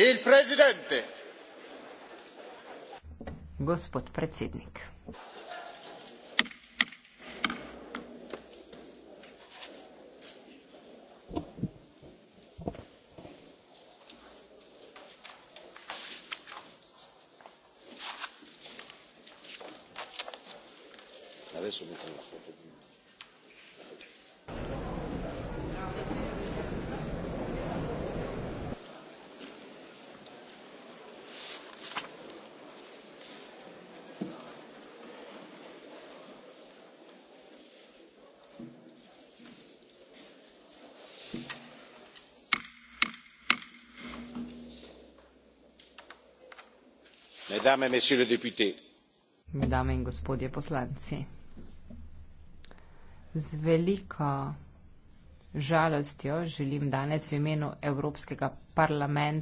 Il presidente. Gospod predsednik. Adesso mettiamo la foto di me. dame in gospodje poslanci. Z veliko žalostjo želim danes v imenu Evropskega parlamenta